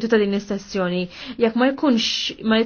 Tuta' din l-istazzjoni, jekk ma jkunx ma